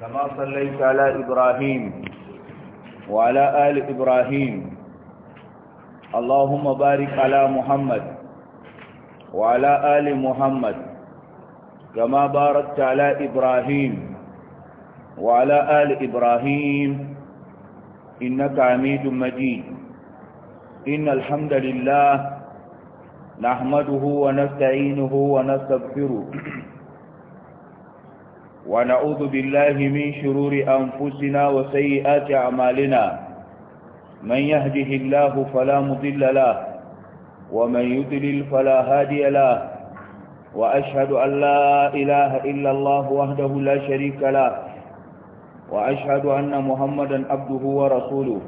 كما صليت على إبراهيم وعلى آل إبراهيم اللهم بارك على محمد وعلى آل محمد كما باركت على إبراهيم وعلى آل إبراهيم إنك عميد مجيد إن الحمد لله نحمده ونستعينه ونستغفره ونعوذ بالله من شرور أنفسنا وسيئات أعمالنا من يهده الله فلا مضل له ومن يضلل فلا هادي له وأشهد أن لا إله إلا الله وحده لا شريك له وأشهد أن محمدا عبده ورسوله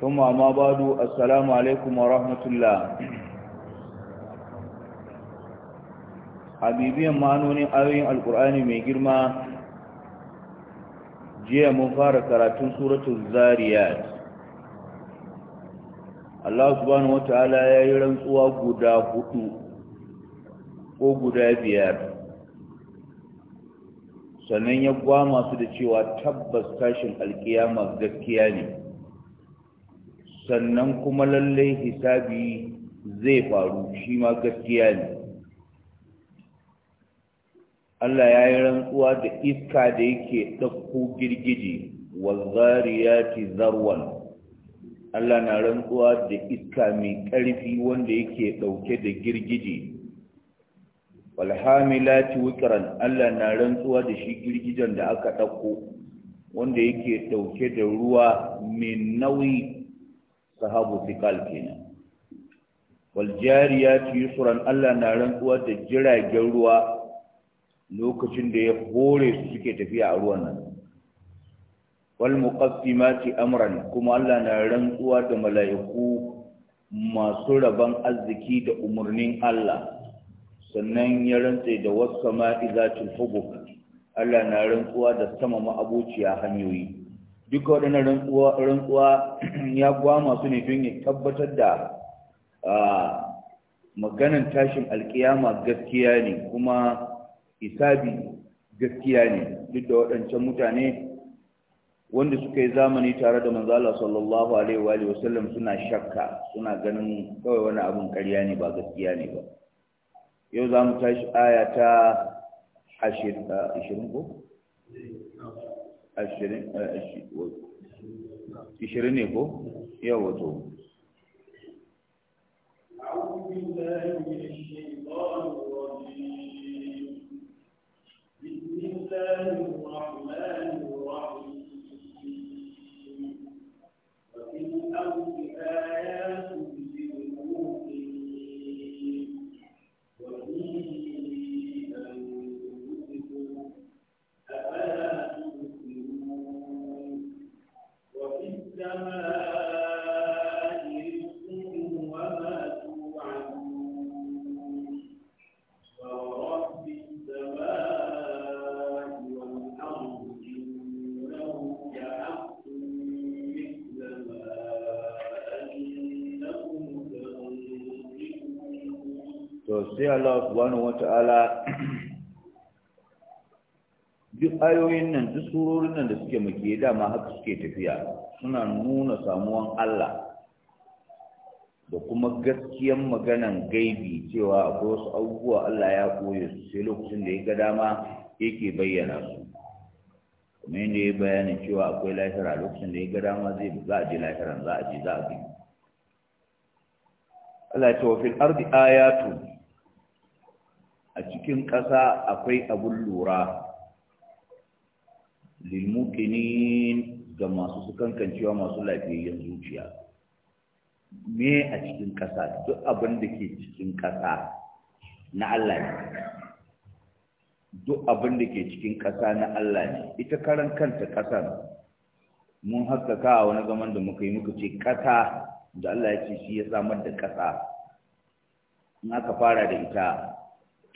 ثم ما بعد السلام عليكم ورحمة الله Habibiyan bibiyan manonin ayoyin alkur'ani mai girma jiya mun fara karatun suratun zariyat Allah subhanahu wata'ala ya yi rantsuwa guda hudu ko guda biyar sannan ya gwama su da cewa tabbas tashin alkiyama gaskiya ne sannan kuma lallai hisabi zai faru shi ma gaskiya ne Allah ya yi rantsuwa da iska da yake ɗauko girgije ci zarwan Allah na rantsuwa da iska mai ƙarfi wanda yake ɗauke da girgije walhamilati wikran Allah na rantsuwa da shi girgijen da aka ɗauko wanda yake ɗauke da ruwa mai nauyi sahabu fikal kenan waljariyati tsoron. Allah na rantsuwa da jiragen ruwa lokacin da ya hore su suke tafiya a ruwan nan wal muqaddimati amran kuma Allah na rantsuwa da mala'iku masu rabon arziki da umarnin Allah sannan ya rantse da wasama izatul hubub Allah na rantsuwa da sama ma'abuciya hanyoyi duka waɗannan rantsuwa rantsuwa ya gwama masu ne don ya tabbatar da ah, maganan tashin alkiyama gaskiya ne kuma hisabi gaskiya ne duk da waɗancan mutane wanda suka yi zamani tare da manzo Allah sallallahu alaihi wa alihi wasallam suna shakka suna ganin kawai wani abun ƙarya ne ba gaskiya ne ba yau za mu tashi aya ta 20 ko 20 ne ko yau wato أعوذ بالله من الشيطان ayoyin nan duk surorin nan da suke makiye dama haka suke tafiya suna nuna samuwan Allah da kuma gaskiyan maganan gaibi cewa akwai wasu abubuwa Allah ya koye su sai lokacin da ya ga dama yake bayyana su kuma yadda ya bayanin cewa akwai lahira lokacin da ya ga dama zai za a je lahiran za a je za a bi Allah ya ce wa fil ardi ayatu a cikin ƙasa akwai abun lura lilmukinin ga masu su kankancewa masu lafiyayyen zuciya me a cikin ƙasa duk abin da ke cikin ƙasa na Allah ne duk abin da ke cikin ƙasa na Allah ne ita karan kanta ƙasar mun haskaka a wani zaman da muka yi muka ce ƙasa da Allah ya ce shi ya samar da ƙasa in aka fara da ita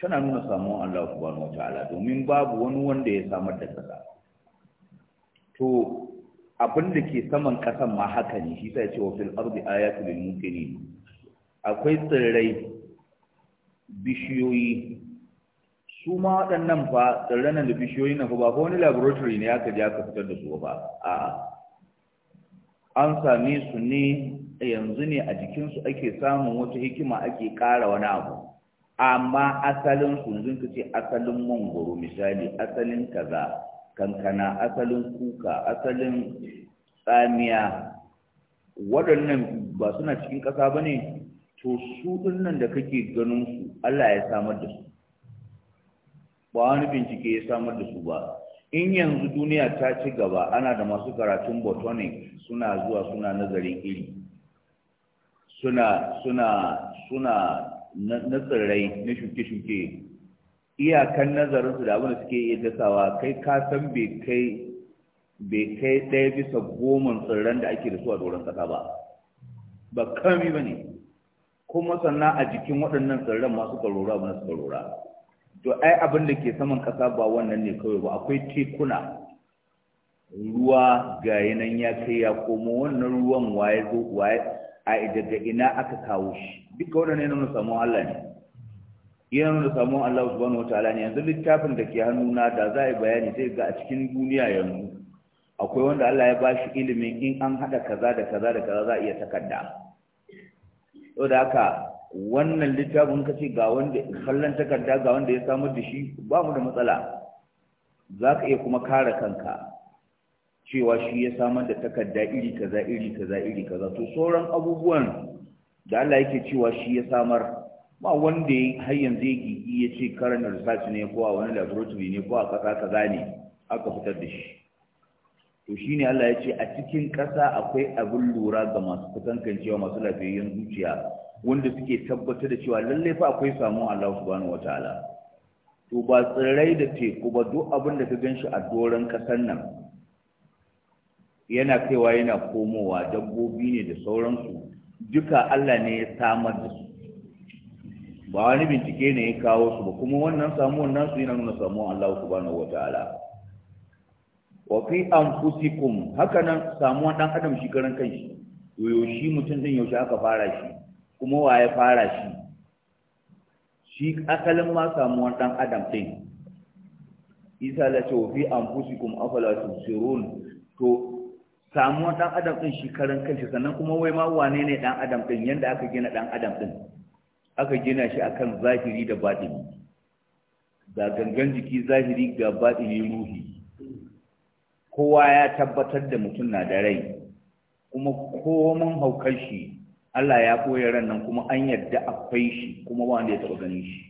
tana nuna samun Allah subhanahu wataala domin babu wani wanda ya samar da ƙasa to abin da ke saman ƙasan ma haka ne shi sai cewa fil ardi ayatu lil mumkinin akwai tsirrai bishiyoyi su ma waɗannan fa nan da bishiyoyi na fa ba wani laboratory ne aka je aka fitar da su ba a an same su ne yanzu ne a jikinsu ake samun wata hikima ake ƙara wani abu amma asalin su yanzu ce asalin mangoro misali asalin kaza kankana asalin kuka asalin tsamiya waɗannan ba suna cikin ƙasa ba ne to su nan da kake ganin su Allah ya samar da su ba wani bincike ya samar da su ba in yanzu duniya ta ci gaba ana da masu karatun botonic suna zuwa suna nazarin iri suna suna suna na tsirrai na shuke-shuke iyakan nazarinsu da abin suke iya dasawa kai ka san bai kai bai kai ɗaya bisa goma tsirran da ake da su a doron ƙasa ba ba kami ba ne kuma sannan a jikin waɗannan tsirran masu karora ba na su karora to ai abin da ke saman kasa ba wannan ne kawai ba akwai tekuna ruwa ga nan ya kai ya komo wannan ruwan waye zo waye a ina aka kawo shi duka waɗannan yana samu Allah ne iya nuna samu Allah subhanahu ta'ala ne yanzu littafin da ke hannuna da za a yi bayani zai ga a cikin duniya yanzu akwai wanda Allah ya ba shi ilimin in an haɗa kaza da kaza da kaza za a iya takarda to da haka wannan littafin ka ce ga wanda kallon takarda ga wanda ya samu da shi ba mu da matsala za ka iya kuma kare kanka cewa shi ya samar da takarda iri kaza iri kaza iri kaza to sauran abubuwan da Allah yake cewa shi ya samar ba wanda har yanzu ya gigi ya ce karan research ne ko a wani laboratory ne ko a ƙasa ka ne aka fitar da shi to shine Allah ya ce a cikin ƙasa akwai abin lura ga masu kusankancewa masu lafiyayyen zuciya wanda suke tabbatar da cewa lallai fa akwai samun Allah subhanahu wataala to ba tsirrai da teku ba duk abin da ka gan shi a doron ƙasar nan yana kaiwa yana komowa dabbobi ne da sauransu duka Allah ne ya samar da su ba wani bincike ne ya kawo su ba kuma wannan samuwan nasu yana nuna samuwan Allah subhanahu ta'ala wa fi anfusikum haka nan samuwan dan adam shi karan kanshi to yaushe mutum din yaushe aka fara shi kuma wa ya fara shi shi asalin ma samuwan dan adam din isa la ce wa fi anfusikum afala tusirun to samuwan dan adam din shi karan kanshi sannan kuma wai ma wane ne dan adam din yanda aka gina dan adam din aka gina shi akan zahiri da batini Da gangan jiki zahiri ga batini ruhi kowa ya tabbatar da mutum na da rai kuma komin haukar shi Allah ya koya ran nan kuma an yadda akwai shi kuma ba wanda ya taɓa ganin shi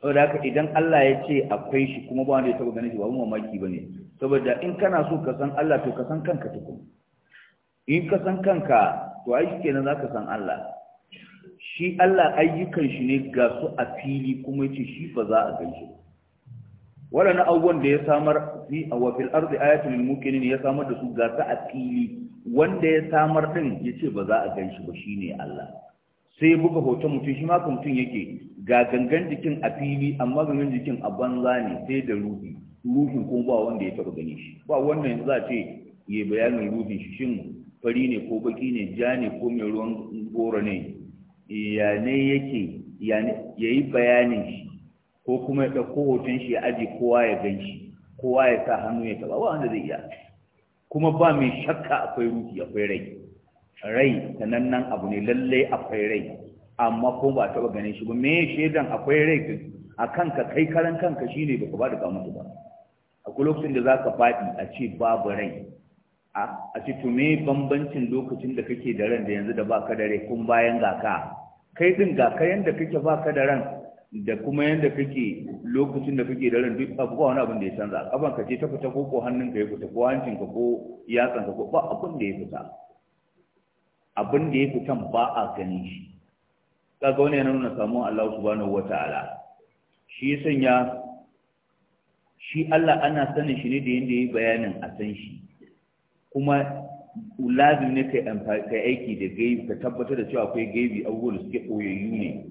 saboda haka idan Allah ya ce akwai shi kuma ba wanda ya taɓa ganin shi ba mu mamaki ba ne saboda in kana so ka san Allah to ka san kanka tukun in ka san kanka to ai kenan za ka san Allah shi Allah ayyukan shi ne ga su a fili kuma yace shi fa za a ganshi wannan abubuwan da ya samar fi a ardi arzi lil mukminin ya samar da su ga su a fili wanda ya samar din yace ba za a ganshi ba shine Allah sai buga hoton mutum shi ma mutum yake ga gangan jikin a fili amma gangan jikin a banza ne sai da ruhi ruhin ko ba wanda ya taba gani shi ba wannan yanzu za a ce ya bayanin ruhin shi shin fari ne ko baki ne ja ne ko mai ruwan goro ne ya ne yake ya yi bayanin shi ko kuma ya ɗauko hoton shi ya aji kowa ya gan shi kowa ya sa hannu ya taɓa ba wanda zai iya kuma ba mai shakka akwai ruhi akwai rai rai sanannen abu ne lallai akwai rai amma ko ba taɓa ganin shi ba me shaidan akwai rai a kanka kai karan kanka shine baka ba da kamata ba akwai lokacin da zaka faɗi a ce babu rai a ce bambancin lokacin da kake da ran da yanzu da baka da rai kun bayan ga ka kai din ga ka yanda kake baka da ran da kuma yanda kake lokacin da kake da ran duk abu ba wani abin da ya canza kafan ka ce ta fita ko ko hannun ka ya fita ko hancin ka ko yatsan ka ko ba abin da ya fita abin da ya fita ba a ganin shi kaga wani yana nuna samun Allah subhanahu wataala shi sanya shi Allah ana sanin shi ne da yanda ya bayanin a san shi kuma lazim ne kai kai aiki da gaibi ka tabbatar da cewa akwai gaibi abubuwan da suke koyayyu ne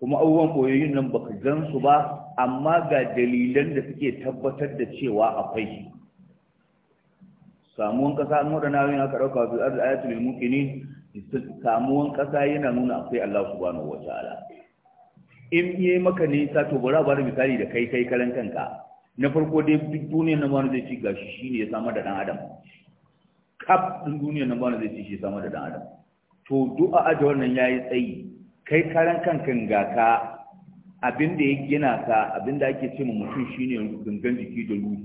kuma abubuwan koyayyun nan baka gan su ba amma ga dalilan da suke tabbatar da cewa akwai samuwan kasa an waɗanda yin aka ɗauka su arzu ayatul mukini samuwan kasa yana nuna akwai Allah subhanahu wa ta'ala in yi maka nisa to bari ba da misali da kai kai karan kanka na farko dai duk duniyar na wani zai ci gashi shine ya samar da dan adam kaf din duniyar nan bana zai ci shi sama da dan adam to du'a aje wannan yayi tsayi kai karan kankan ga ka abin da ya gina ka abin da ake ce ma mutum shine gangan jiki da ruhi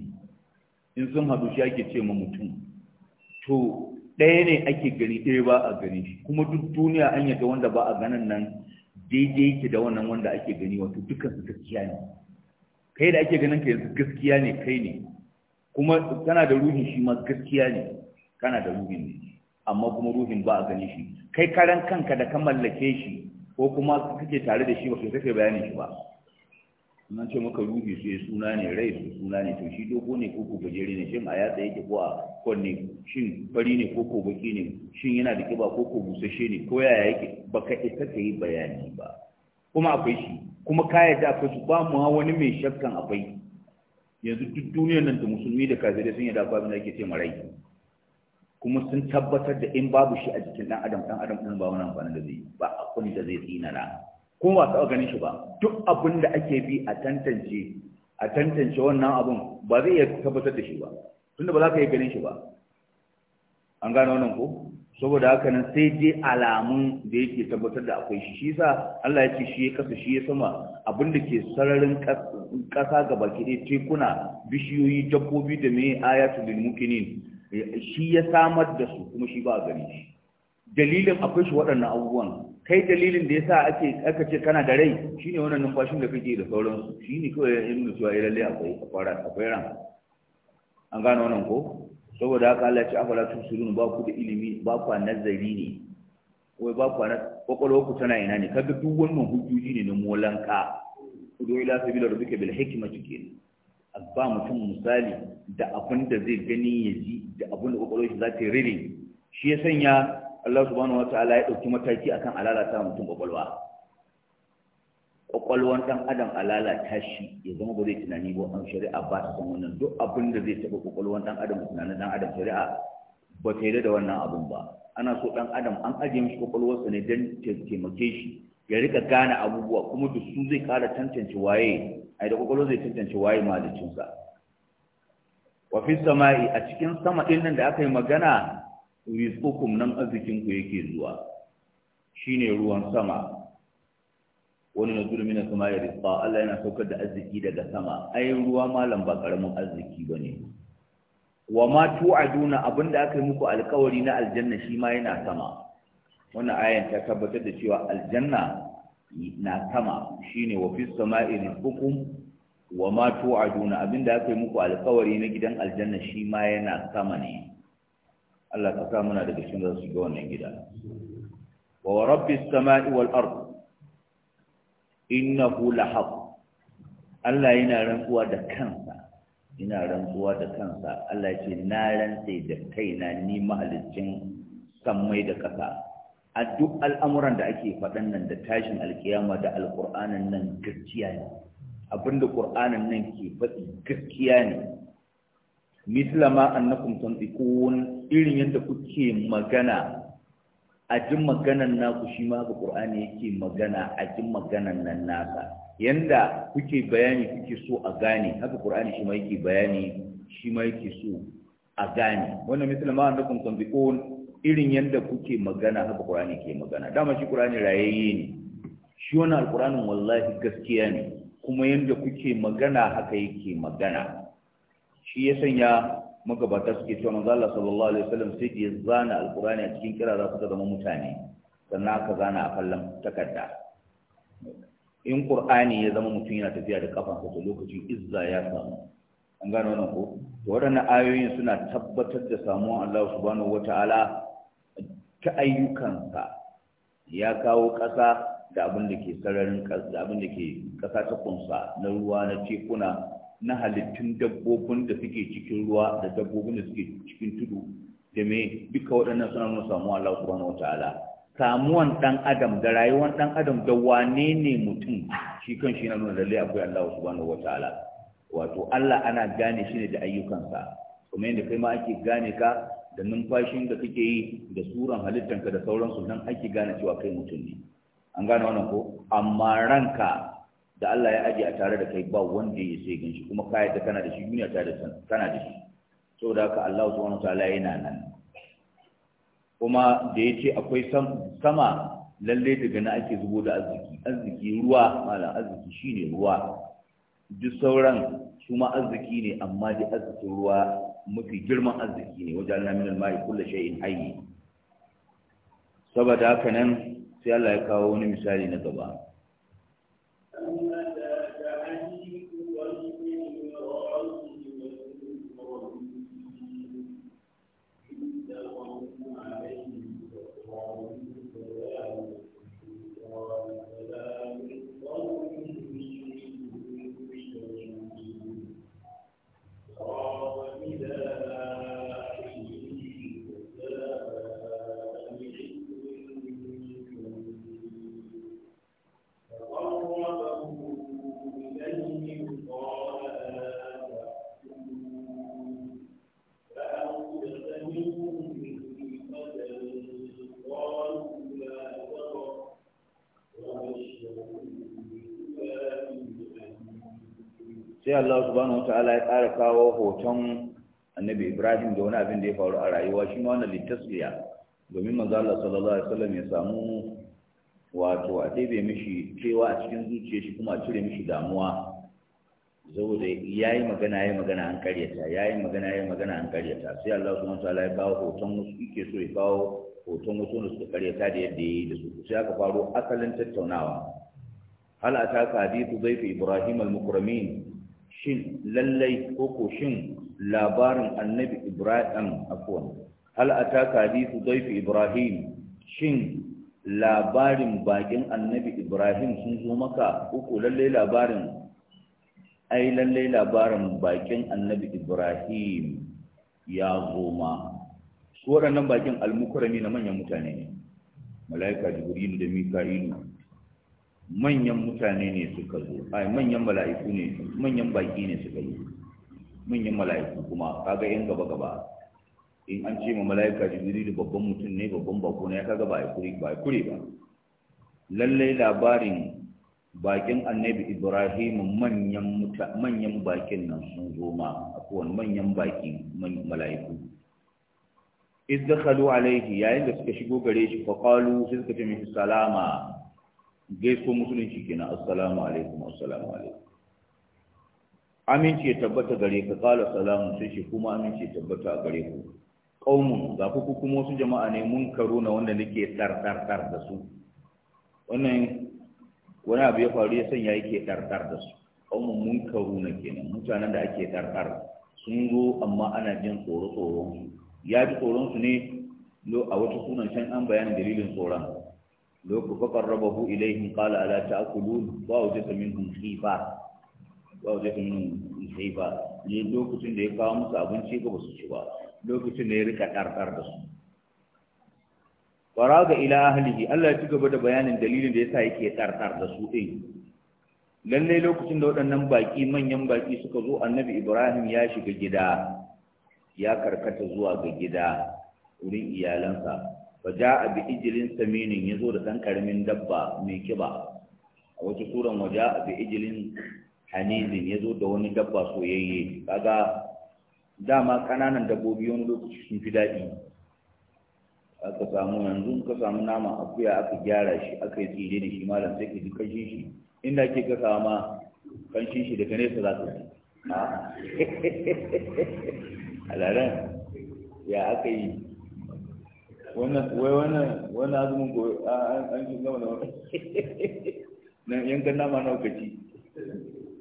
in sun hadu shi ake ce ma mutum to ɗaya ne ake gani ɗaya ba a gani shi kuma duk duniya an yadda wanda ba a ganin nan daidai yake da wannan wanda ake gani wato dukkan su gaskiya ne kai da ake ganin ka yanzu gaskiya ne kai ne kuma kana da ruhin shi ma gaskiya ne kana da ruhin ne amma kuma ruhin ba a gani shi kai karan kanka da ka mallake shi ko kuma kake tare da shi ba kai kake bayanin shi ba nan ce maka ruhi sai suna ne rai su suna ne to shi dogo ne ko ko gajere ne shin a yatsa yake ko a kwanne shin bari ne ko ko baki ne shin yana da kiba ko ko busasshe ne ko yaya yake baka isa ka yi bayani ba kuma akwai shi kuma ka yadda akwai shi ba mu wani mai shakkan akwai yanzu duk duniyar nan da musulmi da kafirai sun yi akwai abin da ake ce marai kuma sun tabbatar da in babu shi a jikin ɗan adam ɗan adam din ba wani amfani da zai ba a kun da zai tsina na kuma ba taɓa ganin shi ba duk abin da ake bi a tantance a tantance wannan abin ba zai iya tabbatar da shi ba tunda ba za ka iya ganin shi ba an gano wannan ko saboda haka nan sai dai alamun da yake tabbatar da akwai shi shi sa Allah ya ce shi ya kasa shi ya sama abin da ke sararin ƙasa ga baki ɗaya tekuna bishiyoyi dabbobi da me ayatul mukminin shi ya samar da su kuma shi ba a gani shi dalilin akwai shi waɗannan abubuwan kai dalilin da yasa ake aka ce kana da rai shine wannan numfashin da kake da sauransu Shi ne kawai ya nuna cewa ya eh, lalle akwai akwara akwai ran an gano wannan ko saboda haka Allah ya ce afala tusulun ba ku da ilimi ba ku nazari ne wai ba ku na kwakwalwar ku tana ina ne kaga duk wannan hujjoji ne na molanka ku do ila sabila rabbika bil hikmati kenan a ba mutum misali da abin da zai gani ya ji da abin da kwakwalwar shi za ta rire shi ya sanya Allah subhanahu wataala ya ɗauki mataki akan alalata mutum ƙwaƙwalwa. kwakwalwar ɗan adam alalata shi ya zama ba zai tunani ba an shari'a ba ta san wannan duk abin da zai taɓa kwakwalwar ɗan adam tunanin ɗan adam shari'a ba ta yarda da wannan abin ba ana so ɗan adam an ajiye mishi kwakwalwarsa ne don taimake shi ya rika gane abubuwa kuma da su zai ƙara tantance waye ai da kokolo zai tantance waye malicin sa wa fi samai a cikin sama din nan da aka yi magana rizqukum nan arzikin ku yake zuwa shine ruwan sama wani na zuru mina sama ya rizqa Allah yana saukar da arziki daga sama ai ruwa malam ba karamin arziki bane wa ma tu'aduna abinda aka yi muku alkawari na aljanna shi ma yana sama wannan ayan ta tabbatar da cewa aljanna na sama shine wa fis sama'i rizqukum wa ma tu'aduna abinda aka muku alƙawari na gidan aljanna shi ma yana sama ne Allah ka sa muna daga cikin zasu ga wannan gida wa rabbis sama'i wal ard innahu lahaq Allah yana rantsuwa da kansa yana rantsuwa da kansa Allah ya ce na rantse da kaina ni mahaliccin sammai da ƙasa a duk al'amuran da ake faɗan nan da tashin alkiyama da alƙur'anin nan gaskiya ne abinda ƙur'anin nan ke faɗi gaskiya ne Mislama ma annakum tantiqun irin yadda kuke magana a jin maganan naku shi ma ga ƙur'ani yake magana a jin maganan nan nasa yanda kuke bayani kuke so a gane haka ƙur'ani shi ma yake bayani shi ma yake so a gane wannan mislama ma annakum tantiqun irin yadda kuke magana haka Qur'ani ke magana dama shi Qur'ani rayayye ne shi wannan Qur'anin wallahi gaskiya ne kuma yadda kuke magana haka yake magana shi ya sanya magabata suke cewa manzo Allah sallallahu alaihi wasallam sai ya zana alƙur'ani a cikin kirara suka zama mutane sannan aka zana a kallon takarda in Qur'ani ya zama mutum yana tafiya da kafansa to lokacin izza ya samu an gano wannan ko to waɗannan ayoyin suna tabbatar da samuwan Allah subhanahu wataala ta ayyukansa ya kawo ƙasa da abin da ke sararin ƙasa da abin da ke ƙasa ta kunsa na ruwa na tekuna na halittun dabbobin da suke cikin ruwa da dabbobin da suke cikin tudu da me duka waɗannan suna nuna samuwa Allah subhanahu wataala samuwan dan adam da rayuwar dan adam da wane ne mutum shi kan shi na nuna lallai akwai Allah subhanahu wataala wato Allah ana gane shi ne da ayyukansa kuma yadda kai ma ake gane ka da numfashin da kake yi da suran halittanka da sauransu nan ake gane cewa kai mutum ne an gane wannan ko amma ranka da Allah ya aje a tare da kai ba wanda ya sai shi kuma ka yadda kana da shi duniya tare da kana da shi saboda haka Allah subhanahu wataala yana nan kuma da ya ce akwai sama lalle daga na ake zubo da arziki arziki ruwa malam arziki shine ruwa duk sauran su arziki ne amma dai arzikin ruwa mafi girman arziki ne wajen laminar mai kulle shay'in hayyi saboda haka nan sai Allah ya kawo wani misali na gaba Allah subhanahu ta'ala ya ƙara kawo hoton annabi Ibrahim da wani abin da ya faru a rayuwa shi ma wannan litasliya domin manzo Allah sallallahu alaihi wasallam ya samu wato a ɗebe mishi cewa a cikin zuciya shi kuma a cire mishi damuwa saboda ya yi magana ya yi magana an karyata ya yi magana ya yi magana an karyata sai Allah subhanahu ta'ala ya kawo hoton wasu yake so ya kawo hoton wasu da suka karyata da yadda ya yi da su sai aka faro asalin tattaunawa hal ataka hadithu dhayfi ibrahim al-mukramin shin lallai ko ko shin labarin annabi ibrahim afwan hal ataka hadithu dayfi ibrahim shin labarin bakin annabi ibrahim sun zo maka uku lallai labarin ai lallai labarin bakin annabi ibrahim ya zo ma su waɗannan bakin almukurami na manyan mutane ne mala'ika jibrilu da mika'ilu manyan mutane ne suka zo ai manyan mala'iku ne manyan baki ne suka zo manyan mala'iku kuma kaga yan gaba gaba in an ce ma mala'ika jibrilu babban mutum ne babban bako ne kaga ba kuri ba kure ba lallai labarin bakin annabi ibrahim manyan muta manyan bakin nan sun zo ma akwai manyan baki mala'iku idda khalu alaihi yayin da suka shigo gare shi fa qalu sai suka ce mishi salama gaiso musulunci kenan assalamu alaikum assalamu alaikum aminci ya tabbata gare ka qala salamun sai shi kuma aminci ya tabbata gare ku qaumun ga ku kuma wasu jama'a ne mun karo na wanda nake dar dar dar da su wannan wani abu ya faru ya sanya yake dar dar da su qaumun mun karo na kenan mutanen da ake dar dar sun zo amma ana jin tsoro tsoron ya ji tsoron su ne a wata sunan can an bayanin dalilin tsoron لو فقربه إليهم قال ألا تأكلون وأوجس منهم خيفة وأوجس منهم خيفة ne lokacin da ya kawo musu abinci ga basu ci ba lokacin da ya rika ɗarɗar da su faraga ila ahlihi Allah ya ci gaba da bayanin dalilin da yasa yake ɗarɗar da su ɗin lalle lokacin da waɗannan baƙi manyan baƙi suka zo annabi Ibrahim ya shiga gida ya karkata zuwa ga gida wurin iyalansa waja ja'a bi ijlin saminin yazo da dan karamin dabba mai kiba a wata suran waje bi ijilin hanizin yazo da wani dabba soyayye kaga dama kananan dabbobi wani lokaci sun fi daɗi aka samu yanzu ka samu nama akuya aka gyara shi aka yi tsire da shi malam sai ka ji kashin shi inda ke ka sama kanshin shi daga nesa za ka ji a laran ya aka yi wannan wai wannan wannan azumin ko an shi gama da wannan nan yankan nama na kaci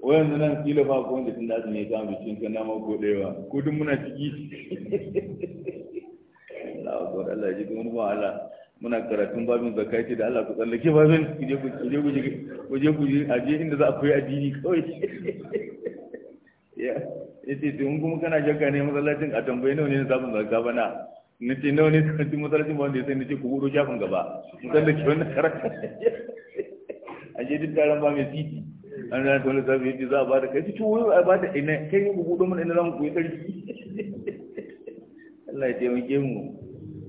wayan nan kila ba ko wanda tun da azumi ya samu bikin kan nama ko dayawa ko duk muna ciki Allah akbar Allah ji kuma ba Allah muna karatun babin zakati da Allah ku tsallake babin ku je ku je ku je ku je ku je aje inda za a koyi addini kawai ya yace to kuma kana jaka ne masallacin a tambaye nawa ne zabin zakka bana Ni ce nawa ne suka ci masarauci ba wanda ya sai na ce ku hudu shafin gaba musan da ke wannan karatu a je duk taron ba mai titi an rana ta wani sabi yadda za a ba da kai cikin a ba da ina kai ne ku hudu mana ina za mu yi sarki Allah ya taimake mu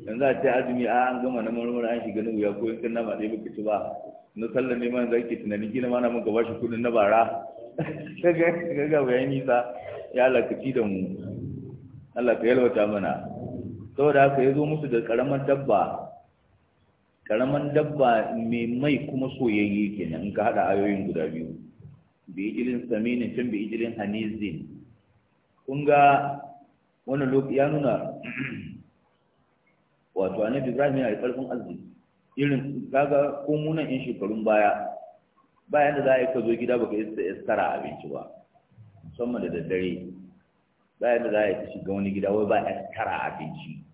yanzu a ce azumi a an gama na marmara an shiga na wuya ko kan nama ɗaya baka ci ba na sallar neman za ke tunanin gina mana mun gaba shi kudin na bara kaga bayani sa ya lakaci da mu Allah ka yalwata mana saboda haka ya zo musu da karamar dabba karamar dabba mai mai kuma soyayye kenan in ka haɗa ayoyin guda biyu bi ijilin saminin can bi ijilin hanizin kun ga wani lokaci ya nuna wato annabi ibrahim yana da ƙarfin arziki irin kaga ko munan in shekarun baya bayan da za a yi ka zo gida baka isa iskara abinci ba musamman da daddare bayan da za a yi shiga wani gida wai ba iskara abinci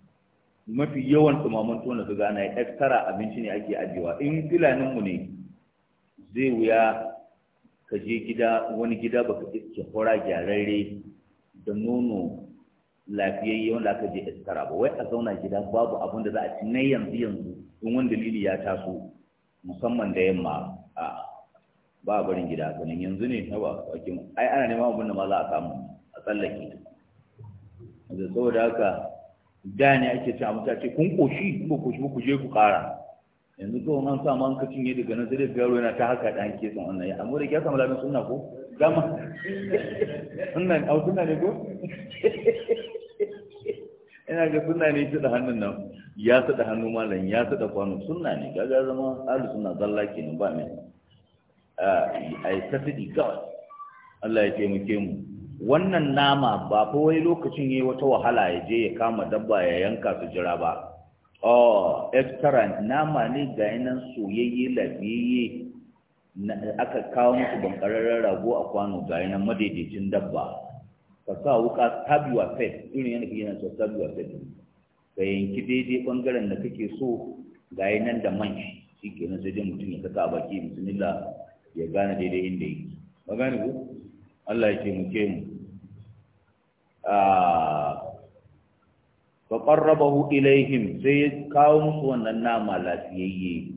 mafi yawan tumaman tona da su gana ya abinci ne ake ajiyewa in filaninmu ne zai wuya ka je gida wani gida baka iske hora gyararre da nono lafiyayye wanda aka je iskara ba wai a zauna gida babu abin da za a ci na yanzu yanzu in wani dalili ya taso musamman da yamma a ba barin gida sanin yanzu ne na ba ai ana neman a samu a tsallake saboda haka da ne ake ci abinci a ce kun koshi ko koshi ku je ku kara yanzu to an sa man ka cinye daga nan sai da yaro yana ta haka dan ke san wannan ya amma da ke samu ladan sunna ko dama sunna au sunna ne ko ina ga sunna ne ta da hannun nan ya ta da hannu malam ya ta da kwano sunna ne kaga zama ahlus sunna zalla kenan ba mai a ah, ai tafidi kawai Allah ya taimake mu wannan nama ba fa wai lokacin yayi wata wahala ya je ya kama dabba ya yanka su jira ba oh extra nama ne ga nan soyayye labiyayye aka kawo musu bankararren rago a kwano ga nan madaidaicin dabba ka sa wuka tabiwa fet, irin yana ke yana so stab your ka yanki daidai bangaren da kake so ga nan da man shi shikenan sai dai mutum ya saka a baki bismillah ya gane daidai inda yake magana gane ku Allah ya ke mu Ah, fa qarrabahu ilaihim sai ya kawo musu wannan nama lafiyayye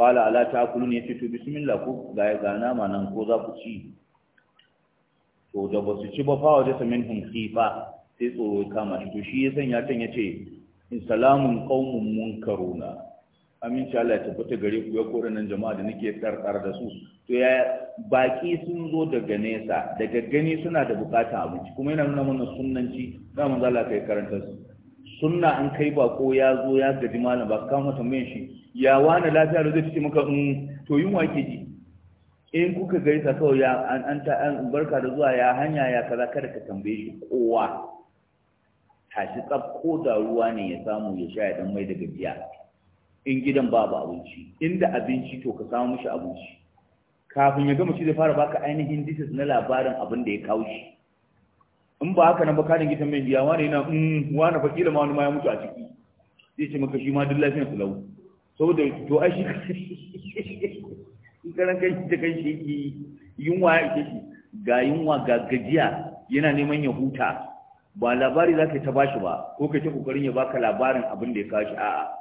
qala ala ta'kulun yace to bismillah ku ga ga nama nan ko za ku ci to da ba su ci ba fa wajata minhum khifa sai tsoro kama shi to shi ya sanya can yace in salamun qaumun munkaruna Amin sha Allah ya tabbata gare ku ya kore nan jama'a da nake tsarkar da su to ya baki sun zo daga nesa daga gani suna da bukata abinci kuma yana nuna mana sunnanci da manzo Allah kai karanta su sunna an kai bako ya zo ya gaji malam ba ka mata mai shi ya wani lafiya da zai ce maka in mm, to yin wake ji in kuka gaisa kawai ya an an ta an barka da zuwa ya hanya ya kaza kada ka tambaye shi kowa tashi tsaf ko da ruwa ne ya samu ya sha ya dan mai daga jiya in gidan babu abinci inda abinci to ka samu mishi abinci kafin ya gama shi zai fara baka ainihin dishes na labarin abin da ya kawo shi in ba haka nan ba karin gidan mai biya wani yana mm wani kila ma wani ma ya mutu a ciki zai ce maka shi ma duk lafiyar su lau saboda to ai shi karan kai shi da kan shi yunwa ya ke shi ga yunwa ga gajiya yana neman ya huta ba labari za ka ta bashi ba ko ka ta kokarin ya baka labarin abin da ya kawo shi a'a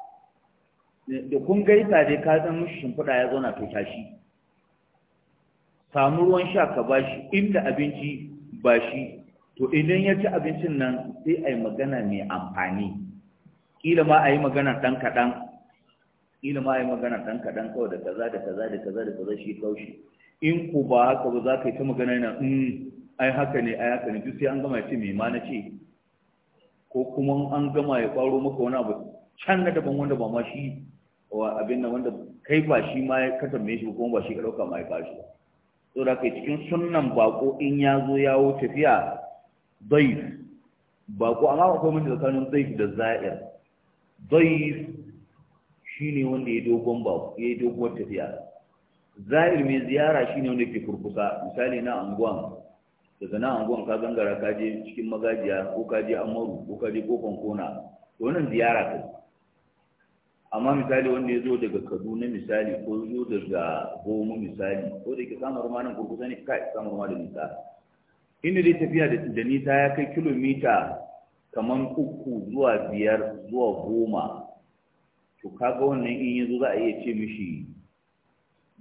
da kun gaisa dai ka san mushi shimfiɗa ya zauna to tashi samu ruwan sha ka bashi inda abinci ba shi to idan ya ci abincin nan sai a yi magana mai amfani ƙila ma a yi magana ɗan kaɗan ƙila ma a yi magana ɗan kaɗan kawai da kaza da kaza da kaza da kaza shi kaushi in ko ba haka ba za ka yi ta magana yana in mm, ai haka ne ai haka ne duk sai an gama ya ce mai ma na ce ko kuma an gama ya faro maka wani abu can na daban wanda ba ma shi wa abin nan wanda kai ba shi ma ka tambaye shi kuma ba shi ka dauka ma ya fashi to da kai cikin sunnan bako in ya zo yawo tafiya daif bako amma akwai mun da tsakanin daif da za'ir daif shine wanda ya dogon ba ya dogon tafiya za'ir mai ziyara shine wanda ke kurkusa misali na anguwan daga na anguwan ka gangara ka je cikin magajiya ko ka je amaru ko ka je kofan kona to wannan ziyara kai amma misali wanda ya zo daga kaduna misali ko zo daga goma misali ko da ke samun ruwa nan kurkusa ne kai samun ruwa da nisa inda dai tafiya da nisa ya kai kilomita kamar uku zuwa biyar zuwa goma to kaga wannan in yazo za a iya ce mishi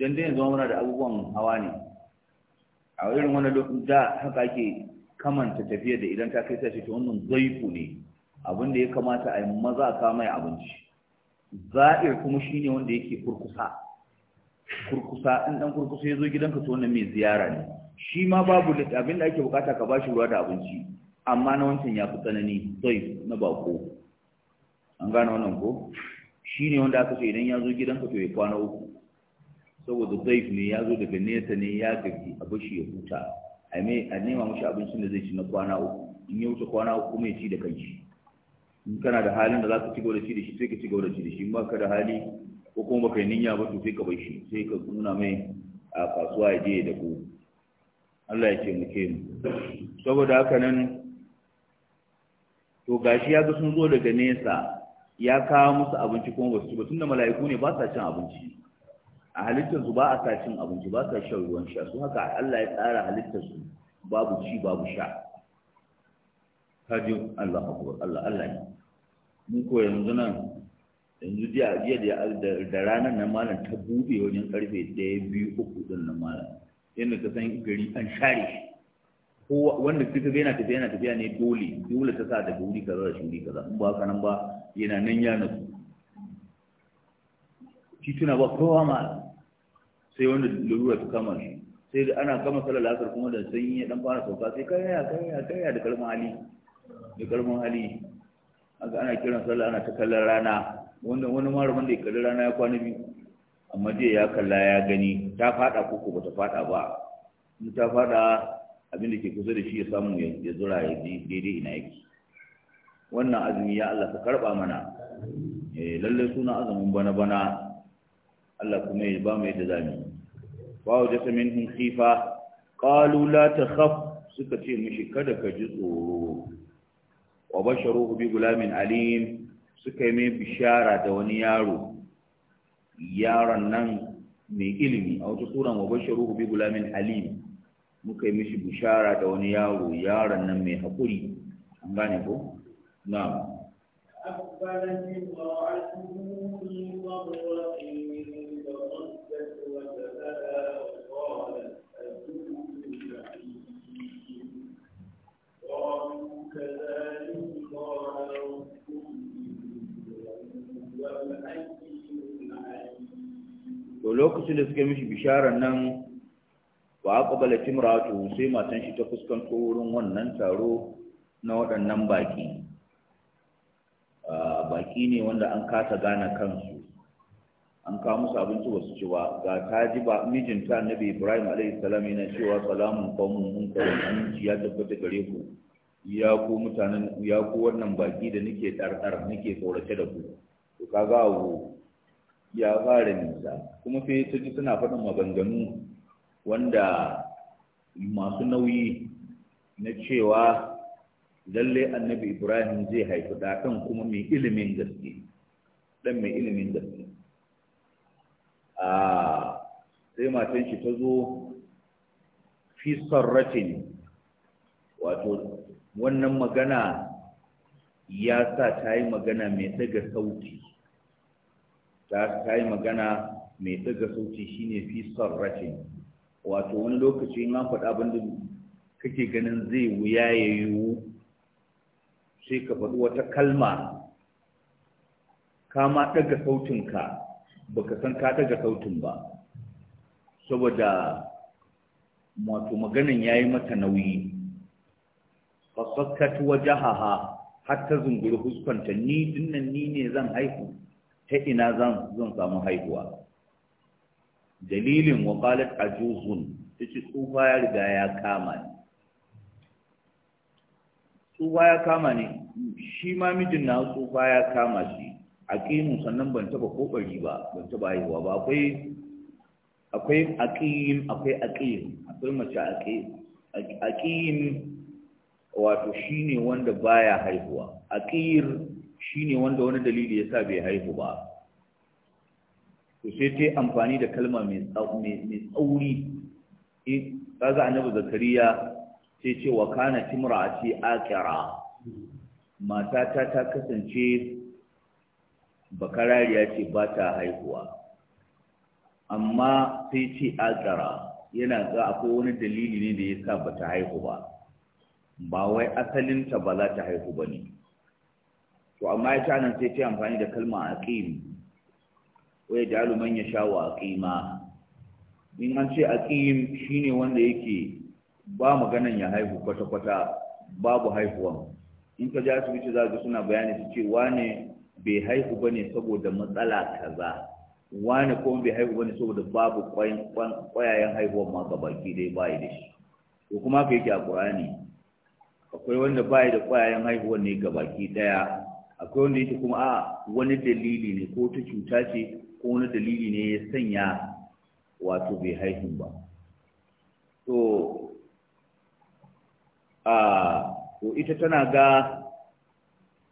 dan dai yanzu muna da abubuwan hawa ne a irin wani lokacin da haka ake kamanta tafiya da idan ta kai sashi to wannan zaifu ne abin da ya kamata a yi maza a kama abinci za'ir kuma shi ne wanda yake kurkusa kurkusa in ɗan kurkusa ya zo gidanka to wannan mai ziyara ne shi ma babu abin da ake bukata ka bashi ruwa da abinci amma na wancan ya fi tsanani zai na bako an gane wannan ko shi ne wanda aka ce idan ya zo gidanka to ya kwana uku saboda zai ne ya zo daga nesa ne ya gaji a bashi ya huta a nema mashi abincin da zai ci na kwana uku in ya wuce kwana uku kuma ya ci da kanshi in kana da halin da za ka cigaba da shi da shi sai ka cigaba da shi da shi in baka da hali ko kuma baka yi niyya ba to sai ka bar shi sai ka nuna mai a kasuwa ya je ya dako Allah ya ce mu ke saboda haka nan to gashi ya ga sun zo daga nesa ya kawo musu abinci kuma ba su ci ba tunda mala'iku ne ba sa cin abinci a halittar su ba a sa cin abinci ba sa shan ruwan sha su haka Allah ya tsara halittar su babu ci babu sha kaji Allah akbar Allah Allah ne mun ko yanzu nan yanzu jiya jiya da ranar nan malam ta buɗe wajen karfe ɗaya biyu uku ɗin nan malam yadda ka san gari an share ko wanda kika ga yana tafiya yana tafiya ne dole dole ta sa da wuri kaza da wuri kaza in ba ka nan ba yana nan ya nasu tituna ba kowa ma sai wanda lalura ta kama shi sai da ana kama sallar lasar kuma da sanyi ya dan fara sauka sai ya kai ya da kalmar hali da kalmar hali haka ana kiran sallah ana ta kallon rana wanda wani mara da ya kalli rana ya kwana biyu amma jiya ya kalla ya gani ta fada ko ko bata fada ba in ta fada abin da ke kusa da shi ya samu ya zura ya ji daidai ina yake wannan azumi ya Allah ka karba mana eh lalle suna azumin bana bana Allah kuma ya ba mu yadda zamu wa wajata min khifa qalu la takhaf suka ce mishi kada ka ji tsoro wa basharuhu bi gulamin alim suka yi mai bishara da wani yaro yaron nan mai ilimi a wata suran wa basharuhu bi gulamin alim muka yi mishi bishara da wani yaro yaron nan mai haƙuri an gane ko na'am أقبلت امرأته lokacin da suka mishi bisharar nan wa aqbala timratu sai matan shi ta fuskanto wurin wannan taro na waɗannan baki baki ne wanda an kasa gane kansu an kawo musu abinci wasu cewa ga ta ji ba mijinta annabi ibrahim alaihi salam yana cewa salamun mun kawo aminci ya tabbata gare ku ya ku mutanen ya ku wannan baki da nake ɗarɗar nake tsorace da ku to kaga abu ya fara nisa kuma sai ta ji suna faɗin maganganu wanda masu nauyi na cewa lalle annabi ibrahim zai haifi ɗakan kuma mai ilimin gaske ɗan mai ilimin gaske a sai matan shi ta zo fi sarratin wato wannan magana ya sa ta yi magana mai daga sauti ta ta yi magana mai daga sauti shine fi rashi wato wani lokaci in an faɗa abin da kake ganin zai wuya ya yiwu sai ka faɗi wata kalma ka ma ɗaga sautinka baka san ka daga sautin ba saboda wato maganin ya yi mata nauyi fasakkat jahaha har ta zunguri huskanta ni dinnan ni ne zan haihu ta ina zan zan samu haihuwa dalilin wa qalat ajuzun tace tsufa ya riga ya kama ni tsufa ya kama ni shi ma mijin na tsufa ya kama shi aqimu sannan ban taba kokari ba ban taba haihuwa ba akwai akwai aqim akwai aqim akwai mace aqim aqim wato shine wanda baya haihuwa aqir Shi ne wanda wani dalili ya sa bai haihu ba sai ta amfani da kalma mai tsauri in e, kaga annabi zakariya sai ce wa kana a aqira matata ta kasance bakarariya ce ba ta haihuwa amma sai ce aqira yana ga akwai wani dalili ne da ya sa ba ta haihu ba ba wai asalinta ba za ta haihu ba ne to amma ya tanan sai ce amfani da kalma aqim wai aluman man sha wa aqima in an ce aqim shine wanda yake ba maganan ya haihu kwata kwata babu haihuwan in ka je asibiti za ga suna bayani su ce wane bai haihu bane saboda matsala kaza wane kuma bai haihu bane saboda babu kwayayen haihuwan ma gabaki dai bai da shi ko kuma ka yake a qur'ani akwai wanda bai da kwayayen haihuwan ne gabaki daya akwai wanda yake kuma a wani dalili ne ko ta cuta ce ko wani dalili ne ya sanya wato bai haihu ba to a ko ita tana ga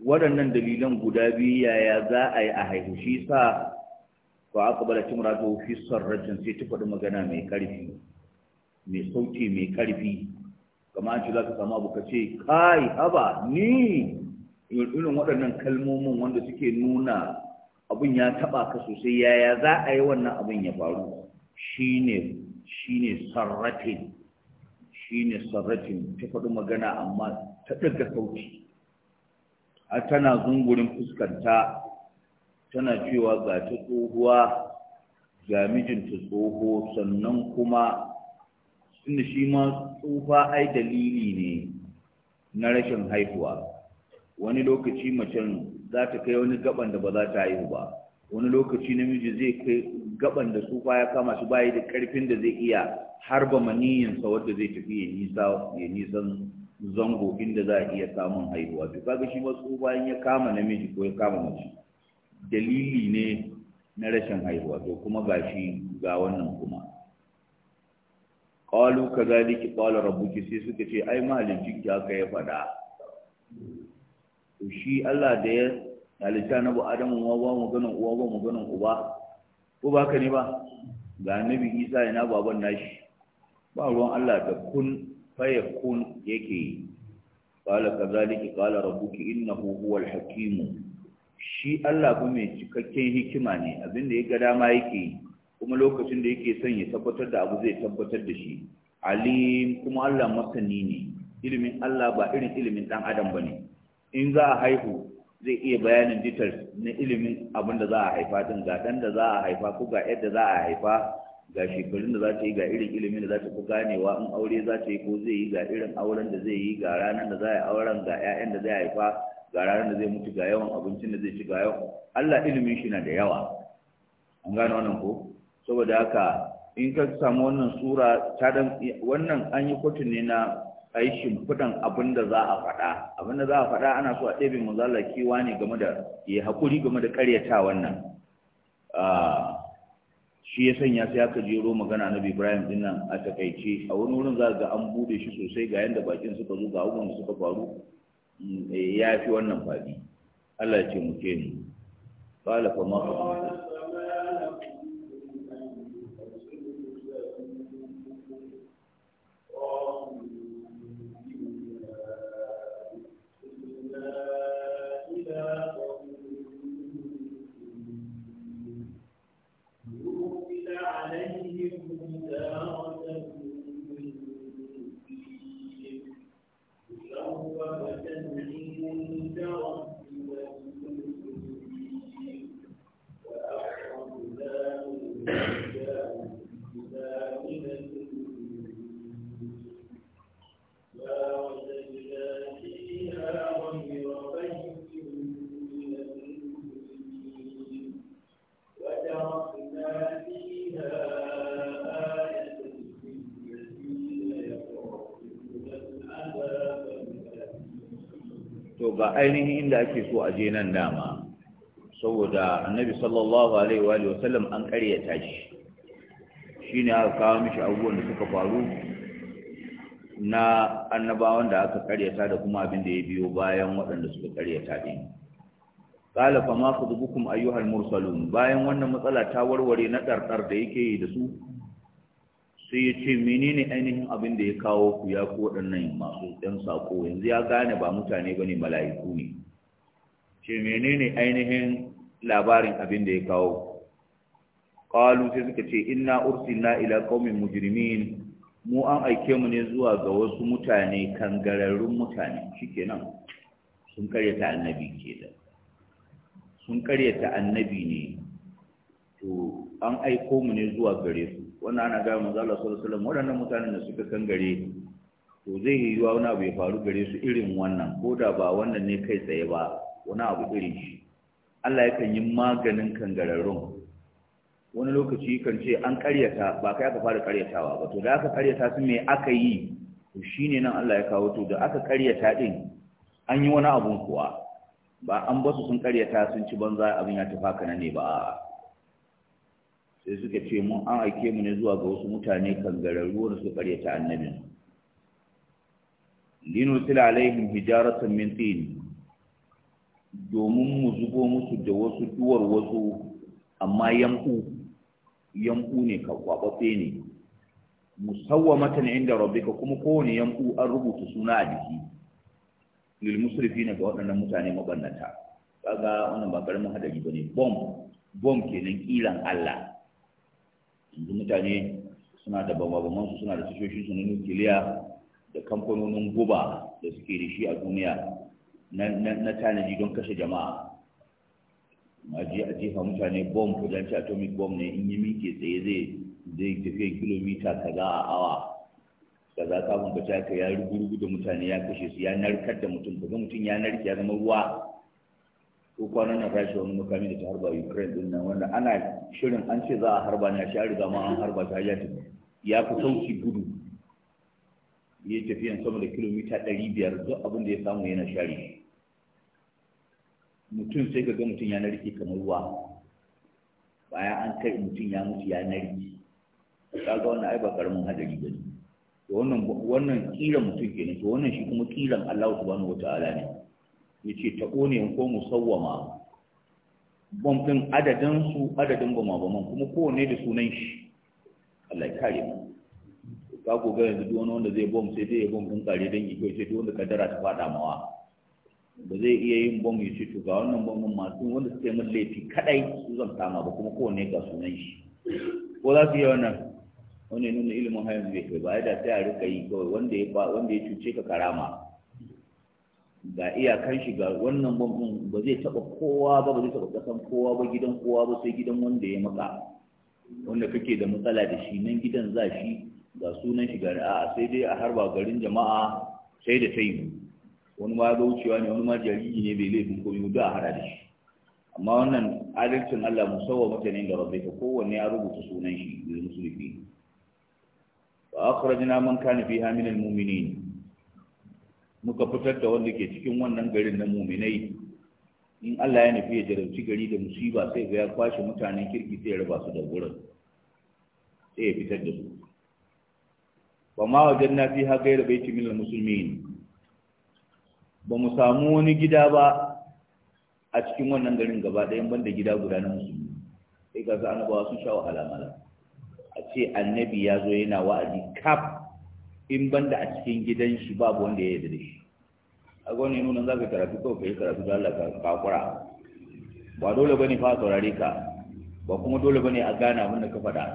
waɗannan dalilan guda biyu yaya za a yi a haihu shi sa ba aka bada timrato fi rajin sai ta faɗi magana mai ƙarfi mai sauti mai ƙarfi Kamar an ce za ka samu abu ka ce kai haba ni irin waɗannan kalmomin wanda suke nuna abin ya taɓa ka sosai yaya za a yi wannan abin ya faru shine shine sarratin shine sarratin ta faɗi magana amma ta ɗaga sauti a tana zungurin fuskanta tana cewa ga ta tsohuwa ga mijinta tsoho sannan kuma tunda shi ma tsufa ai dalili ne na rashin haihuwa wani lokaci macen za ta kai wani gaban da ba za ta haihu ba wani lokaci namiji zai kai gaban da tsufa ya kama shi bayi da karfin da zai iya harba sa wadda zai tafi ya nisa ya nisan zango inda za a iya samun haihuwa to kaga shi ma tsufa ya kama namiji ko ya kama mace dalili ne na rashin haihuwa to kuma shi ga wannan kuma qalu kadhalika qala rabbuki sai suka ce ai mahalicin ki aka ya fada to shi Allah da ya halitta na Adamu ma ba mu ganin uwa ba mu ganin uba ko ba ka ne ba ga nabi Isa ina baban nashi ba ruwan Allah da kun kun yake qala kadhalika qala rabbuki innahu huwal hakim shi Allah ba mai cikakken hikima ne abinda ya ga dama yake kuma lokacin da yake son ya tabbatar da abu zai tabbatar da shi alim kuma Allah masani ne ilimin Allah ba irin ilimin dan adam bane in za a haihu zai iya bayanin jitar na ilimin abin da za a haifa din ga dan da za a haifa ko ga yadda za a haifa ga shekarun da za ta yi ga irin ilimin da za ta fi ganewa in aure za ta yi ko zai yi ga irin auren da zai yi ga ranar da za a yi auren ga 'ya'yan da zai haifa ga ranar da zai mutu ga yawan abincin da zai ci ga yawan Allah ilimin shi na da yawa an gane wannan ko saboda haka in ka samu wannan sura ta dan wannan an yi kwatun ne na a yi shimfiɗan abin da za a faɗa abin da za a faɗa ana so a ɗebe manzala kiwa ne game da ya haƙuri game da ƙaryata wannan shi ya sanya sai aka jero magana na ibrahim din nan a takaice a wani wurin za ga an buɗe shi sosai ga yadda bakin suka zo ga abubuwan da suka faru mm, eh, ya fi wannan faɗi allah ya ce mu ke mu قال فما خطبكم ba ainihin inda ake so a je nan dama saboda annabi sallallahu alaihi wa sallam an karyata shi shine aka kawo mishi abubuwan da suka faru na annabawan da aka karyata da kuma abin da ya biyo bayan waɗanda suka karyata din qala fa ma khudubukum ayyuhal mursalun bayan wannan matsala ta warware na dardar da yake yi da su sai ya ce menene ainihin abin da ya kawo ku ya ku waɗannan masu ɗan saƙo yanzu ya gane ba mutane ba ne mala'iku ne ce menene ainihin labarin abin da ya kawo ƙalu sai suka ce inna ursilna ila qaumin mujrimin mu an aike mu ne zuwa ga wasu mutane kangararrun mutane shikenan sun karyata annabi kenan sun karyata annabi ne to an aiko mu ne zuwa gare su wannan ana ga manzo Allah sallallahu alaihi wasallam waɗannan mutanen da suka san gare to zai yi yiwa wani abu ya faru gare su irin wannan ko da ba wannan ne kai tsaye ba wani abu irin shi Allah ya kan yi maganin kangararrun wani lokaci kan ce an karyata ba kai aka fara karyatawa ba to da aka karyata su me aka yi to shine nan Allah ya kawo to da aka karyata din an yi wani abun kuwa ba an basu sun karyata sun ci banza abin ya tafaka nan ne ba sai suka ce mun an aike mu ne zuwa ga wasu mutane kan kangararru da su karyata annabin linusila alaihim hijaratan min tin domin mu zubo musu da wasu duwar wasu amma yanku yanku ne ka kwabatse ne musawwamatan inda rabbika kuma kowane yanku an rubuta suna a jiki lil musrifina ga waɗannan mutane mabannata kaga wannan ba karamin hadari bane bomb bomb kenan kilan Allah yanzu mutane suna da bambamansu suna da tashoshin suna na nukiliya da kamfanonin guba da suke da shi a duniya na tanadi don kashe jama'a ma je a jefa mutane bom kudanci atomic bom ne in yi minke tsaye zai zai tafiya kilomita kaza a awa kaza kafin ka ya rugu da mutane ya kashe su ya narkar da mutum kaga mutum ya narke ya zama ruwa ko kwanan na tashi wani mukami da ta harba ukraine din nan wanda ana shirin an ce za a harba ne a shi riga ma an harba ta ya tafi ya fi sauki gudu ya tafiyan sama da kilomita ɗari biyar duk abin da ya samu yana share mutum sai ka ga mutum ya narke kamar ruwa bayan an kai mutum ya mutu ya narke ka ga wannan ai ba karamin hadari ba ne wannan wannan kiran mutum kenan to wannan shi kuma kiran Allah subhanahu wataala ne yace ta kone ko musawwama bom din adadin su adadin ba baman kuma kowanne da sunan shi Allah ya kare mu ka ko ga yanzu duk wani wanda zai bom sai dai ya bom din kare dan yake sai duk wanda kadara ta fada mawa ba zai iya yin bom ya ce to ga wannan bom mun masu wanda suke mun laifi kadai su zan kama ba kuma kowanne ga sunan shi ko za su yi wannan wani nuna ilimin hayan zai kai ba ya da sai a rika yi kawai wanda ya cuce ka karama ga iyakan shi ga wannan bambam ba zai taɓa kowa ba ba zai taɓa kasan kowa ba gidan kowa ba sai gidan wanda ya matsa wanda kake da matsala da shi nan gidan za shi ga sunan shi gari a sai dai a harba garin jama'a sai da tayi wani ma wucewa ne wani ma jariri ne bai laifin komai da a hada da shi amma wannan adalcin Allah musawwa mutane da rabbi ka kowanne ya rubuta sunan shi da musulmi fa akhrajna man kana fiha min almu'minin muka fitar da wanda ke cikin wannan garin na muminai in Allah ya nufi ya jarabci gari da musiba sai ga ya kwashe mutanen kirki sai ya raba su da gurin sai ya fitar da su ba ma wajanna fi ha gaira baiti min musulmi. ba mu samu wani gida ba a cikin wannan garin gaba ɗaya ban da gida guda na musulmi sai ga su annabawa sun sha wahala mala a ce annabi ya zo yana wa'azi kaf in banda a cikin gidan shi babu wanda ya yarda da shi a gwani nuna za ka karatu kawai ka yi karatu da Allah ka kakura ba dole bane fa saurare ka ba kuma dole bane a gane abin da ka faɗa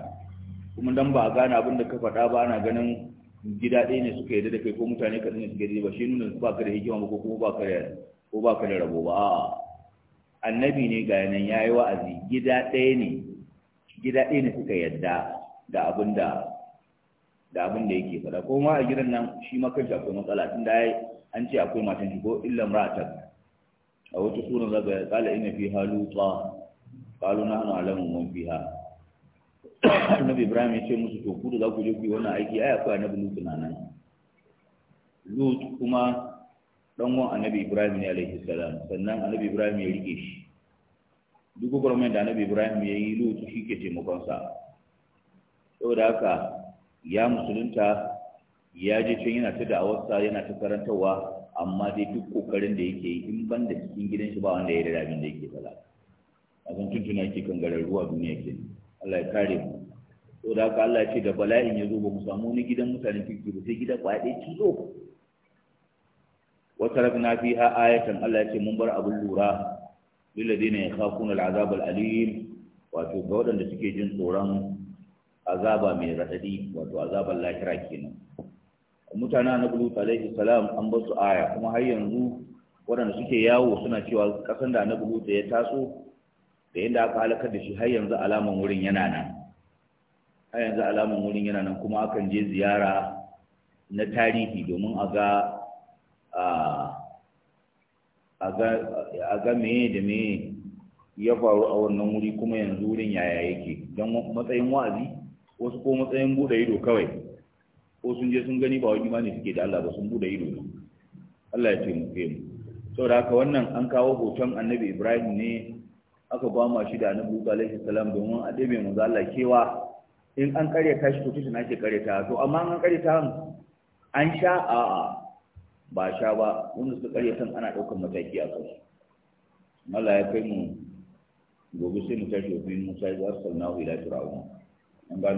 kuma dan ba a gane abin da ka faɗa ba ana ganin gida ɗaya ne suka yarda da kai ko mutane kaɗan ne suka yarda ba shi nuna ba ka da hikima ba ko kuma ba ka da ko ba ka da rabo ba a annabi ne ga ya yayi wa'azi gida ɗaya ne gida ɗaya ne suka yarda da abin da da abin da yake faɗa ko ma a gidan nan shi ma kanshi akwai matsala tun da an ce akwai matan shi ko illa mra'atan a wata sura zaga ya kala ina fi halu tsa kalu na ana alamun mun fi ha annabi ibrahim ya ce musu to ku da za ku je ku yi wannan aiki ai akwai annabi lut na nan lut kuma dan uwan annabi ibrahim ne alaihi salam sannan annabi ibrahim ya rike shi duk gwamnati da annabi ibrahim ya yi lut shi ke taimakonsa saboda haka ya musulunta ya je can yana ta da'awarsa yana ta karantarwa amma dai duk kokarin da yake yi in ban da cikin gidan shi ba wanda ya rada abin da yake fada a san tuntuna yake garar ruwa duniya ke Allah ya kare mu to da haka Allah ya ce da bala'in ya zo ba mu samu wani gidan mutanen kirki ba sai gida kwaɗe tilo wa tarakna fiha ayatan Allah ya ce mun bar abin lura ladina yakhafuna al'azab al'alim wato ga waɗanda suke jin tsoron azaba mai raɗaɗi wato azaban lahira kenan mutanen na lut alaihi salam an ba su aya kuma har yanzu waɗanda suke yawo suna cewa ƙasan da annabi lut ya taso da yadda aka halakar da shi har yanzu alaman wurin yana nan har yanzu alaman wurin yana nan kuma akan je ziyara na tarihi domin a ga a ga meye da meye ya faru a wannan wuri kuma yanzu wurin yaya yake don matsayin wa'azi wasu ko matsayin buɗe ido kawai ko sun je sun gani ba wani imani suke da Allah ba sun buɗe ido Allah ya ce mu kai mu saboda haka wannan an kawo hoton annabi Ibrahim ne aka mu shi da annabi Musa alaihi salam domin a dabe manzo Allah kewa in an karyata shi to ke ake ta, to amma an ta an sha a ba sha ba wanda suka karyata ana daukar mataki a kai Allah ya kai mu gobe sai mu tashi wa bin Musa ya na ila fir'auna بسم الله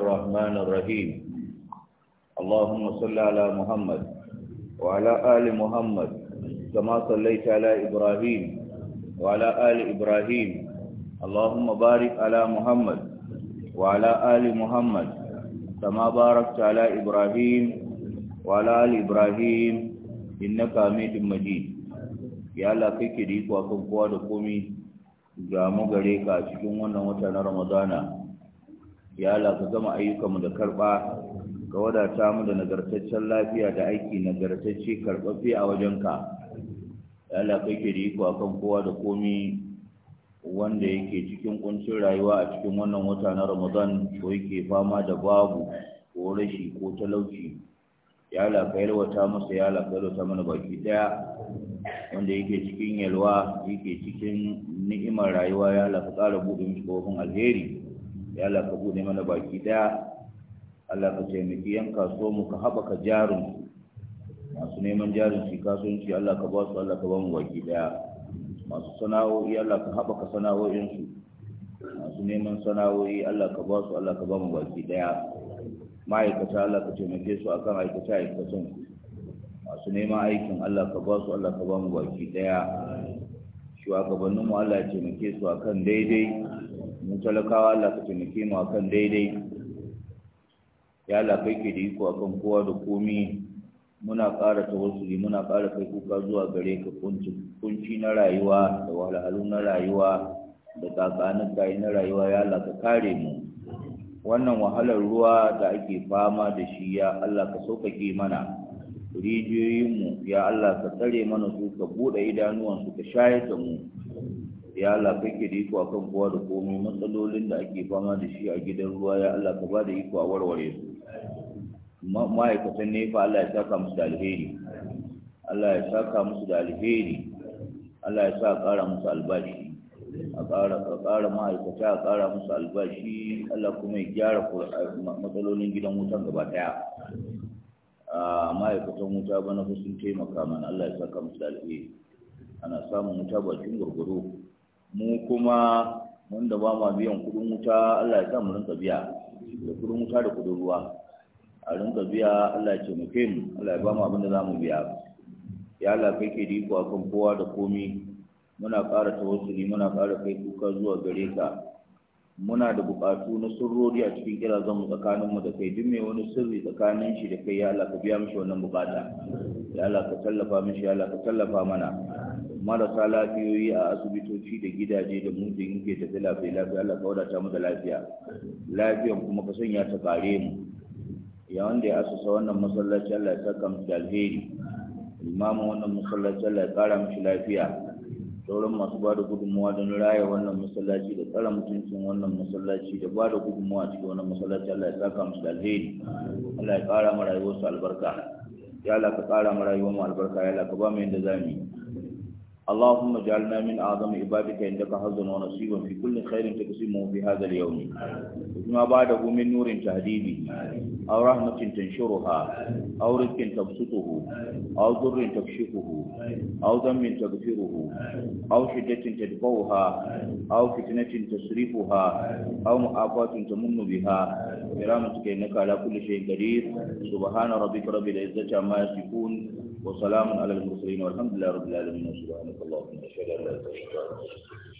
الرحمن الرحيم اللهم صل على محمد وعلى آل محمد كما صليت على إبراهيم وعلى آل إبراهيم اللهم بارك على محمد وعلى آل محمد كما باركت على إبراهيم wala ali ibrahim innaka hamidun majid ya Allah kai ke da iko akan kowa da komi ga mu gare ka cikin wannan wata na ramadana ya Allah ka gama ayyukanmu da karba ka wadata mu da nagartaccen lafiya da aiki nagartacce karɓaffe a wajenka ya Allah kai ke da iko akan kowa da komi wanda yake cikin kuncin rayuwa a cikin wannan wata na ramadan ko yake fama da babu ko rashi ko talauci ya lafa yalwata masa ya lafa yalwata mana baki daya wanda yake cikin yalwa yake cikin ni'imar rayuwa ya lafa ƙara buɗe mishi kofin alheri ya lafa buɗe mana baki daya Allah ka taimaki yan kaso mu ka haɓaka jarin masu neman jarin su kasuwanci Allah ka ba su Allah ka ba mu baki daya masu sana'o'i Allah ka haɓaka sana'o'insu masu neman sana'o'i Allah ka ba su Allah ka ba mu baki daya ma'aikata Allah ka taimake su akan aikata-aikatan, masu neman aikin Allah ka ba su Allah ka ba mu baki daya shugabannin mu Allah ya taimake su akan daidai mu talakawa Allah ka taimake mu akan daidai ya Allah kai ke da iko akan kowa da komi muna ƙara tawassuli muna ƙara kai kuka zuwa gare ka kunci na rayuwa da wahalhalu na rayuwa da tsakanin kai na rayuwa ya Allah ka kare mu wannan wahalar ruwa da ake fama da shi ya Allah ka sauƙaƙe mana rijiyoyinmu ya Allah ka tsare mana su ka buɗe idanuwansu ka shayar da mu ya Allah kake da iko akan kowa da komai matsalolin da ake fama da shi a gidan ruwa ya Allah ka ba da iko a warware su ma'aikatan nefa Allah ya saka musu da alheri Allah ya saka musu da alheri Allah ya sa ƙara musu albashi a ƙara a ƙara ma'aikata a ƙara musu albashi Allah kuma ya gyara matsalolin gidan wutan gaba ɗaya ma'aikatan wuta ba na sun taimaka mana Allah ya saka musu alheri ana samun wuta bakin gurguru mu kuma mun da ba ma biyan kudin wuta Allah ya sa mu rinka biya da kudin wuta da kudin ruwa a rinka biya Allah ya taimake mu Allah ya ba mu abin da za mu biya ya Allah kai ke diko akan kowa da komi muna ƙara tawassuli muna ƙara kai kuka zuwa gare ka muna da buƙatu na sirrori a cikin kirazan mu tsakanin mu da kai duk mai wani sirri tsakanin shi da kai ya Allah ka biya mishi wannan buƙata ya Allah ka tallafa mishi ya Allah ka tallafa mana marasa lafiyoyi a asibitoci da gidaje da mu da yake tafi lafiya lafiya Allah ka wadata mu da lafiya lafiyan kuma ka sanya ta kare mu ya wanda ya asusa wannan masallaci Allah ya saka mu da alheri imamu wannan masallaci Allah ya kara mishi lafiya sauran masu ba da gudunmuwa don raya wannan masallaci da tsara mutuncin wannan masallaci da ba da gudunmuwa cikin wannan masallaci Allah ya saka musu da alheri Allah ya kara mu rayuwarsu albarka ya Allah ka kara mu rayuwar albarka ya Allah ka ba mu yadda za mu yi اللهم اجعلنا من اعظم عبادك عندك حظا ونصيبا في كل خير تقسمه في هذا اليوم ما بعده من نور تهديبي او رحمه تنشرها او رزق تبسطه او ضر تكشفه او ذنب تغفره او شده تدفعها او فتنه تصرفها او مؤافاه تمن بها برحمتك انك على كل شيء قدير سبحان ربك رب العزه عما يصفون وسلام على المرسلين والحمد لله رب العالمين وسبحانك اللهم اشهد ان لا اله الا انت